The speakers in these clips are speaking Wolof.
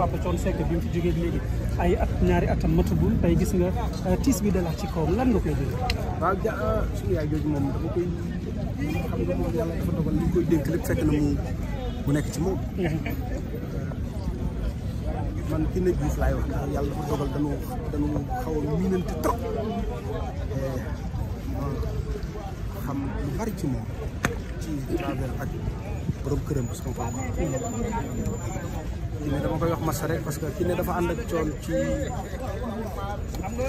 Papa Thione Seck bi mu fi jógee léegi ay at ñaari atam matagul tey gis nga euh, tiis bi dalaat ci kawam lan nga koy dégg. waaw ja euh, suñu yaay jooju moom dafa koy xam nga moom yàlla dafa dogal li ñu koy dénk lépp fekk na mu mu nekk ci moom. man ki nekk gis laay wax ndax yàlla dafa dogal dañoo dañoo xaw a miinante trop euh, xam lu bari ci moom ci travers ak. borom këram sama papa kii ne dama koy wax massa rek parce que kii ne dafa ànd ak coon ci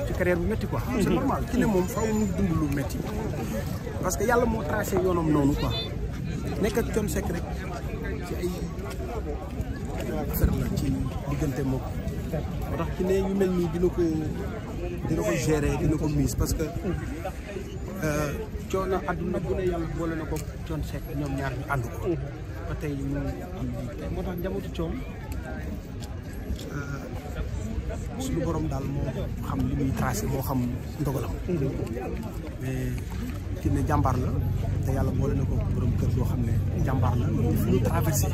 ci carrière bu métti ko mhm. c'est ne moom faaw ñu dund lu métti parce que yàlla moo tracé yoonam noonu quoi nekk coon sekk rek ci ay affaire la ci diggante moom moo tax ki ne yu mel nii dina ko dina ko dina ko mise parce que euh, coono àdduna bu ne yàlla boole na ko coon sekk ñoom ñaar ñu ànd ko mhm. ba tey ñu am lii moo tax njabootu coom suñu borom daal moo xam li muy tracé moo xam ndogalam mais kii ne jàmbaar la te yàlla boole na ko borom kër goo xam ne jàmbaar la ñu fi ñu traversé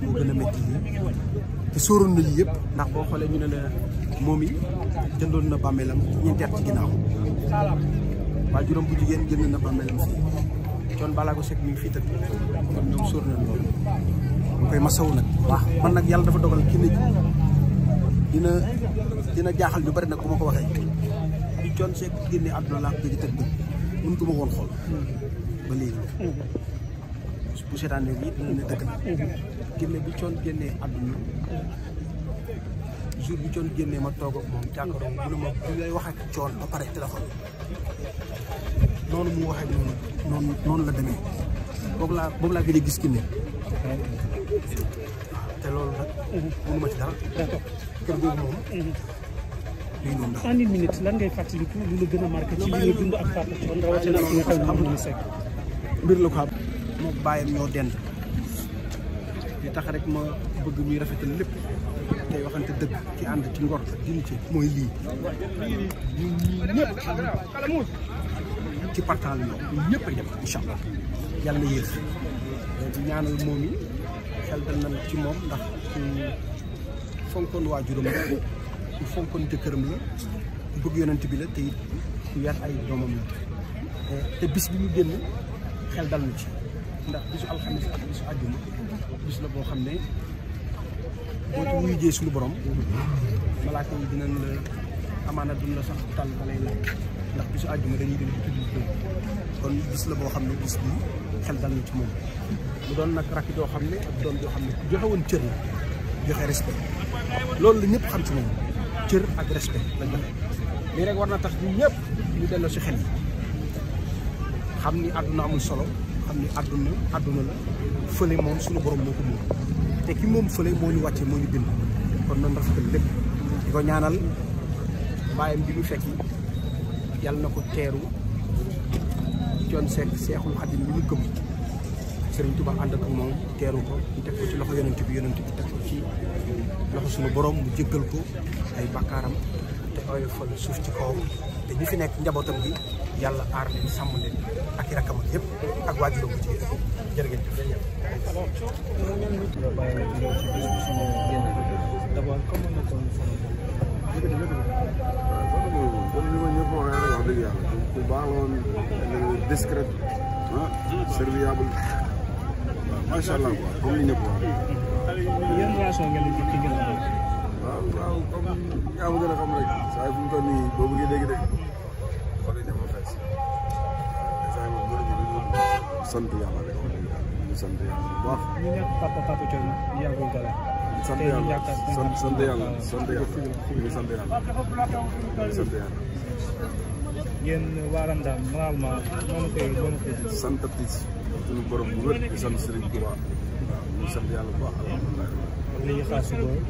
moo te sóoroon na yii yëpp ndax boo ñu ne la moom yi jëndoon na bàmmeelam ñeenti at ci ginnaaw waajuram bu jigéen jënd na bàmmeelam Thione Ballago Seck mi ngi fii tëdd kon ñoom sóor nañ loolu ñu koy masawu nag waaw man nag yàlla dafa dogal ki nit dina bari nag bu ma ko waxee di Thione génne ko gëj a tëdd mën ko ma woon bu seetaanee bi ma toog ak moom jàkkaaroo mu ne ngay wax ak Thione ba pare téléphone noonu mu waxee moom noonu noonu la demee boobu laa boobu laa gëj a gis ki te loolu nag. mënu ma ci dara. kër googu moom. lii noonu la en une minute lan ngay fàttaliku lu la gën a ci li nga dund ak Fatou ne moom mbir la ko am. moo bàyyam ñoo dend. li tax rek ma bëgg muy rafetal lépp. tey waxante dëgg ci ànd ci ngor ak dignité mooy lii ci partant la ñu ñëpp ay dem incha allah yàlla na yéex ñaanal moom yi xel dal na ci moom ndax ku fonkoon waajuram la fonkoon jëkkëram la ku bëgg yonent bi la te it ku yar ay doomam la te bis bi ñu génn xel dal na ci ndax bisu alxames ak bisu àjjuma bis la boo xam ne boo ci wuyjee suñu borom malaaka yi dinañ la Amana duñ la sax tànn da lay ndax bisu dañuy dem ci kon bis la boo xam ne bis xel dal na ci moom mu doon nag rakk joo xam ne ak doon joo xam ne ku joxe woon cër la joxe respect loolu la xam ci moom cër ak respect la joxe lii rek tax ñu xel amul solo xam ni àdduna la fële moom suñu borom moo ko te ki ñu ñu bind kon nan rafetal lépp di ñaanal bayam bi mu fekki yàlla na ko teeru Thione Seck Seexul bi mu gëm serigne touba ànd ak moom ko ñu ko ci loxo yonent bi yonent bi ko ci loxo sunu borom mu jéggal ko ay bakaram te oyofal suuf ci kawam te ñi fi nek njabotam bi yalla ar leen sàmm len ak ak ak baax la woon discret ah serviable macha allah quoi comme ni ñëpp wax. yan relation ngeen di ci gën a waaw waaw comme yaa ma gën a xam rek saa yu fi mu toll nii boobu ngi dégg rek xool yi dafa fees saa yu moom mënuñu sant yàlla rek sant yàlla bu baax. ñu nekk papa papa Thione yàgguñ dara. sant yàlla sant sant yàlla sant yàlla sant yàlla sant yàlla. yéen waa Ramdaan normalement noonu koy noonu koy. borom bu wér di sant yàlla li ñu xaar si loolu.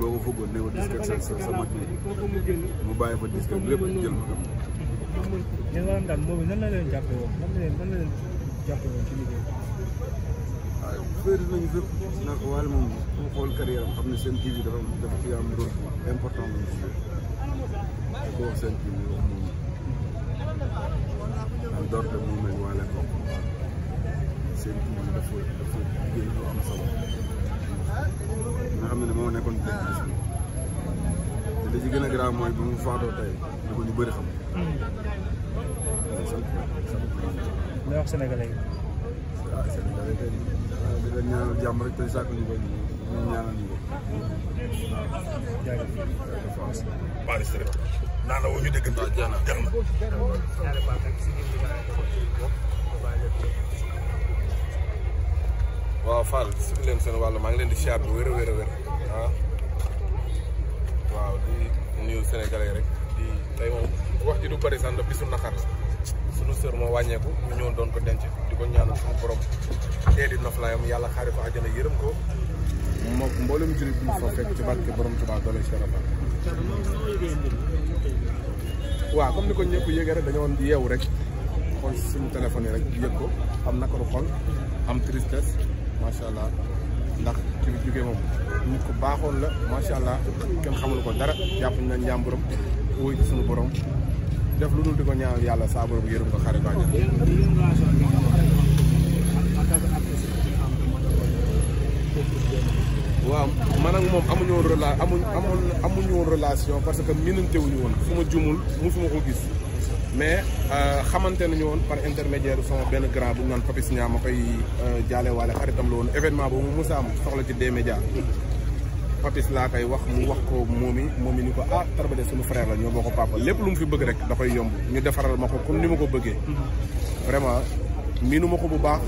boo ko fëggoon ne ma disque ak sa sa sa mag mu bàyyi fa yéen waroon daal moom nan la leen jàppee woon nan la leen nan la leen jàppee woon ci liggéey waaw féeri nañu fépp ndax waaye moom fu xool carrière am xam ne seen TV dafa dafa ci am rôle important moom si ko wax seen TV wax moom am doorte moom lañ waale ko seen TV dafa dafa génn lu am solo nga xam ne moo nekkoon teg gis te li ci gën a grave mooy bi mu faatoo tey da ko ñu bëri xam lay wax sénégalais yi. ah sénégalais tey di leen ñaanal jàmm rek tey sàkku ñu ko ñu ñaanal ñu ko. jaajëf jaajëf. maa ngi sori naan la woo ñu dégg naa jaana jaana. waaw Fall su leen seen wàll maa ngi leen di siyaar bu wér a wér a wér ah waaw di nuyu sénégalais rek di tey moom. wax ji du bëri sax ndax bisu naqar moo wàññeeku ñu ñëwoon doon ko denc di ko ñaanal suñu borom teeli noflaayam yàlla xaari ko àjjana yërëm ko mook mboolem jullit bu ñu fa fekk ci barke borom Tuubaa doole Cheikh waaw comme ni ko ñëpp yëgee rek dañoo yeewu rek xool suñu téléphone yi rek yëg ko am naqaru xol am tristesse macha allah ndax ci bi jógee moom nit ku baaxoon la macha allah kenn xamul ko dara jàpp nañ njàmburam wuy ci suñu borom def lu dul di ko ñaanal yàlla saa borom yërëm ko xare ko àjjana waaw man ak moom amuñu woon rela amuñ amoon amuñu woon relation parce que minante wuñu woon suma ma jumul musuma ko gis mais euh, xamante nañu woon par intermédiaire sama benn grand bu ñu naan Papis Niang ma koy euh, jaale waale xaritam la woon événement boobu mu musa am soxla ci D-Média papis laa koy wax mu wax ko moomi moomi ni ko ah Tarba sunu frère la ñoo boo ko papa lépp lu mu fi bëgg rek da koy yomb ñu defaral ma ko comme ni ma ko bëggee mhm. vraiment miinuma ko bu baax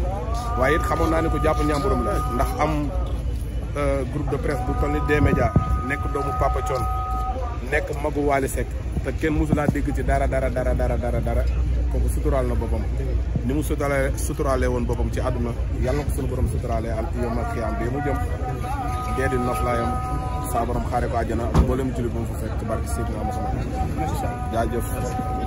waaye xamoon naa ne ko jàpp ñàmburam la ndax am euh, groupe de presse bu toll ni D-Média nekk doomu Papa Thione nekk magu Wally Seck te kenn mosulaa dégg ci dara dara dara dara dara dara kooku suturaal na boppam ni mu suturaale suturaale woon boppam ci àdduna yàlla na ko sunu borom suturaale al yomal xiyaam bi mu jëm dee di noflaayam saa borom xaare ko a mboolem jullit bu mu fa fekk ci barke Seydina Muhammad jaajëf